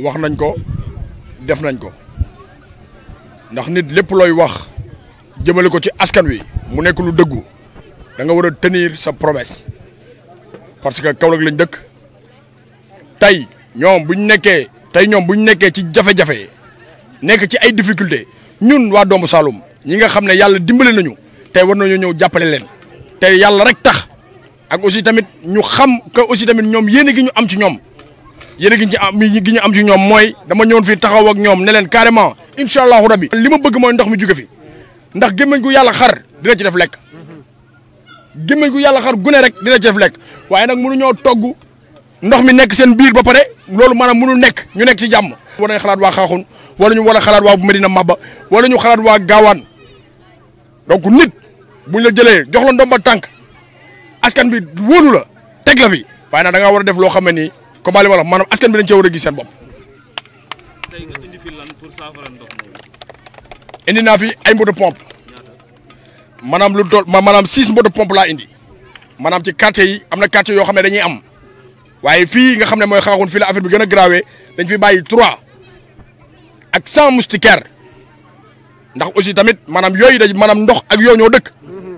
wax nañ ko def nañ ko ndax nit lépp looy wax jëmale ko ci askan wi mu nekk lu dëggu da nga war a tenir sa promesse parce que Kaolack lañ dëkk tey ñoom bu ñu nekkee tey ñoom bu ñu nekkee ci jafe-jafe nekk ci ay difficulté ñun waa doom Saloum ñi nga xam ne yàlla dimbale nañu tey war nañoo ñëw jàppale leen tey yàlla rek tax ak aussi tamit ñu xam que aussi tamit ñoom yéene ki ñu am ci ñoom yene giñ ci am mi giñ am ci ñom moy dama ñewon fi taxaw ak ñom ne len carrément inshallah rabbi lima bëgg moy ndox mi jóge fi ndax gémmañ gu yalla xar dina ci def lek gémmañ gu yalla xar gune rek dina ci def waye nak mënu ñoo togg ndox mi nekk seen biir ba paré loolu manam mënu nekk ñu nekk ci jamm wala ñu xalaat wa khaxun wala ñu wala xalaat wa Medina Mabba wala ñu xalaat wa gawan donc nit buñ la jëlé jox la ndomba tank askan bi wolu la la fi waaye nag da nga wara def lo combat li ma la wax maanaam askan bi dañ cee war a gis seen bopp. tey nga indi naa fi ay moto pompe maanaam lu dool maanaam six moto pompe laa indi maanaam ci quartier yi am na quartier yoo xam ne dañuy am waaye fii nga xam ne mooy xaaxun fii la affaire bi gën a grave dañ fi bàyyi trois ak cent moustiquaires ndax aussi tamit maanaam yooyu dañ maanaam ndox ak yoo ñoo dëkk mm-hmm.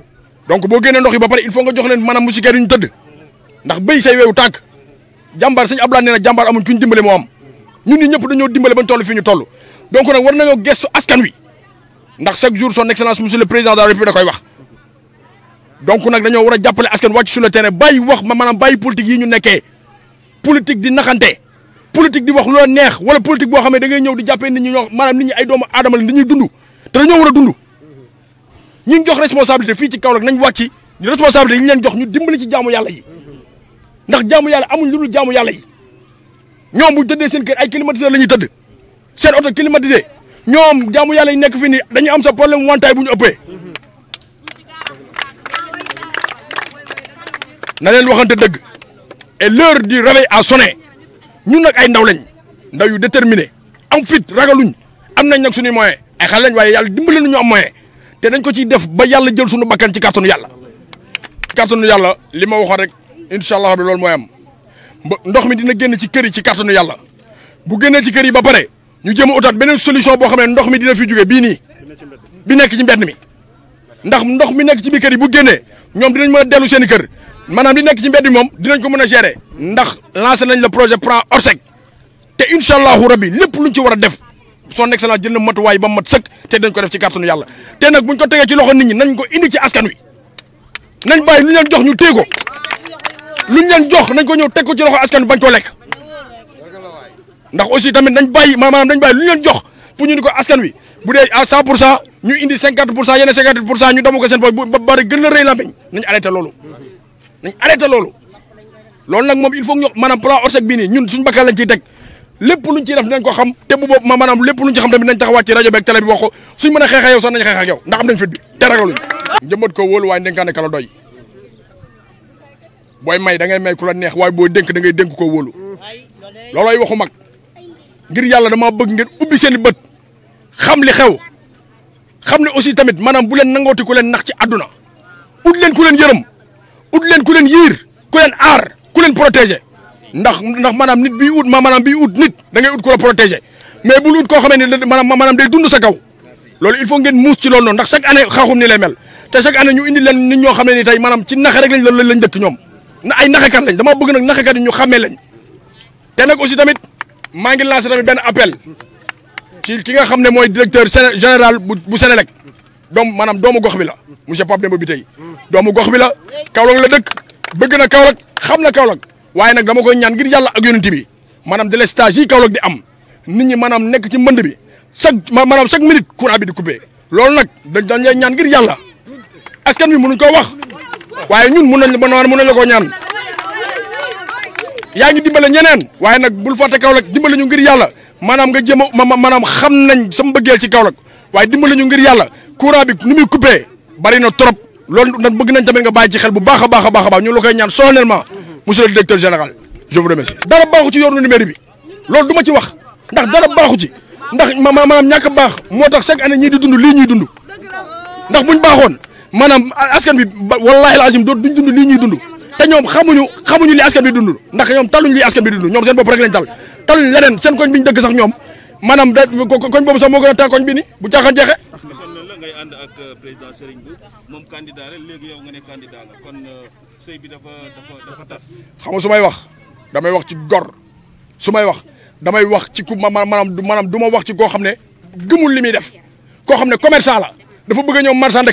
donc boo génnee ndox yi ba pare il faut nga jox leen maanaam moustiquaires yu ñu tëdd ndax béy say weewu tànk jambar seigne Abdoulaye neena jambar amuñ kuñ dimbalé dimbale am ñun ñi ñëpp dañoo dimbalé bañ tollu fii ñu toll donc nak war nañu gesso askan wi ndax chaque jour son excellence monsieur le président de la république da koy wax donc nak dañoo wara jappalé askan wacc sur le terrain bay wax ma manam bay politique yi ñu nekké politique di naxanté politique di wax lo neex wala politique bo xamé da ngay ñëw di jappé nit ñi ñoo manam nit ñi ay doomu adama li dañuy dundu té dañoo wara dundu ñi ñu jox responsabilité fi ci kaw nak nañ wacc wàcc responsabilité ñi ñu leen jox ñu dimbali ci jaamu yalla yi ndax jaamu yalla amuñ lu jaamu yalla yi ñom bu tëddee seen kër ay climatiseur lañuy ñuy tëdd seen auto climatiser ñom jaamu yalla yi nekk fi ni dañu am sa problème wontay buñu ñu na leen waxante deug et l'heure du réveil a sonné ñun nak ay ndaw lañ ndaw yu déterminé am fit ragaluñ am nañ nak suñu moyen ay xal lañ waye yalla dimbali nañu am moyen té dañ ko ci def ba yalla jël suñu bakkan ci carton yalla carton yalla lima ma rek inshallah bi lol moy am ndox mi dina genn ci kër yi ci kàttanu yalla bu génnee ci kër yi ba pare ñu jëm a benen solution bo xam ndox mi dina fi juggé bi ni bi nek ci mbedd mi ndax ndox mi nek ci bi kër yi bu genné ñom dinañ mëna a seen kër li nek ci mbedd mom dinañ ko mëna gérer. ndax lancer nañ le projet PRA ORSEC té inshallah rabbi lepp luñ ci wara def son excellence jël matu way ba mat sëkk té dañ ko def ci kàttanu yalla té nak buñ ko téggé ci loxo nit ñi nañ ko indi ci askan wi nañ bay li ñu jox ñu téggo luñ leen jox nañ ko ñew tekku ci loxo askan bañ ko lek ndax aussi tamit nañ bàyyi maanaam nañ bayyi luñ leen jox pour ñu ni ko askan wi bu dé à 100 ñu indi 50 yene cent 50 ñu damu ko seen boy ba bari gën a reey la meñ nañ arrêté lolu nañ arrêté lolu lolu nak mom il faut ñu manam plan orsec bi ni ñun suñu bakkar lañ ci tek lepp luñ ci def nañ ko xam te bu bop ma manam lepp luñ ci xam tamit nañ taxawat ci radio beeg télé bi waxo suñu mëna xexex yow sax nañ xexex ak yow ndax am nañ fit bi te ragaluñ njëmbat ko wol way ndenkaane kala doy booy may da ngay may ku la neex waaye booy dénk dangay ngay ko koo wóolu loolooy waxu mag ngir yàlla dama bëgg ngeen ubbi seen i bët xam li xew xam ne aussi tamit maanaam bu leen nangooti ku leen nax ci àdduna ut leen ku leen yërëm ut leen ku leen yiir ku leen aar ku leen protéger ndax ndax maanaam nit biy ut ma maanaam biy ut nit da ngay ut ku la protéger mais bul ut koo xamee ne maanaam maanaam day dund sa kaw loolu il faut ngeen muus ci loolu noonu ndax chaque année xaaxum ni lay te chaque année ñu indi leen na ay naxakat lañ dama bëgg nag naxakat yi ñu xàmmee lañ te nag aussi tamit maa ngi lancé tamit benn appel ci ki nga xam ne mooy directeur général bu bu Sénélec doom maanaam doomu gox bi la monsieur Pape Demba Bitèye doomu gox bi la Kaolack la dëkk bëgg na Kaolack xam na Kaolack waaye nag dama koy ñaan ngir yàlla ak yonent bi maanaam délestage yi Kaolack di am nit ñi maanaam nekk ci mbënd bi chaque maanaam chaque minute courant bi di coupé loolu nag dañ dañ ñaan ngir yàlla askan wi mënuñ koo wax. waye ñun mënañ la mën mënañ la ko ñaan ya ngi dimbalé ñeneen waye nak bul fàtte Kaolack dimbalé ñu ngir yalla manam nga jëm manam xam nañ sama bëggel ci Kaolack waye dimbalé ñu ngir yalla courant bi nu muy coupé bari na trop loolu nak bëgg nañ tamit nga bàyyi ci xel bu baaxa baaxa baaxa baax ñu la koy ñaan solennellement monsieur le directeur général je vous remercie. dara baaxu ci yoonu numéro bi loolu duma ci wax ndax dara baaxu ci ndax manam ñaka baax motax chaque année ñi di dund li ñi dund ndax buñ baaxone maanaam askan bi wallahi alazim doo duñ dund lii ñuy dund te ñoom xamuñu xamuñu li askan bi dund ndax ñoom taluñ li askan bi dund ñoom seen bopp rek lañ tal taluñ leneen seen koñ biñ dëgg sax ñoom maanaam da koñ boobu sax moo gën a taa koñ bi ni léegi yow nga ne candidat la kon sëy bi dafa tas. xam nga su may wax damay wax ci gor su may wax damay wax ci ku ma du maanaam du ma wax ci koo xam ne gëmul li muy def koo xam ne commerçant la dafa bëgg a ñëw marchand de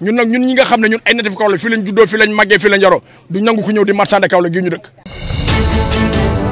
ñun nag ñun ñi nga xam ne ñun ay natif Kaolack fi lañ juddoo fi lañ màggee fi lañ yaroo du nangu ku ñëw di marchande Kaolack gi ñu dëkk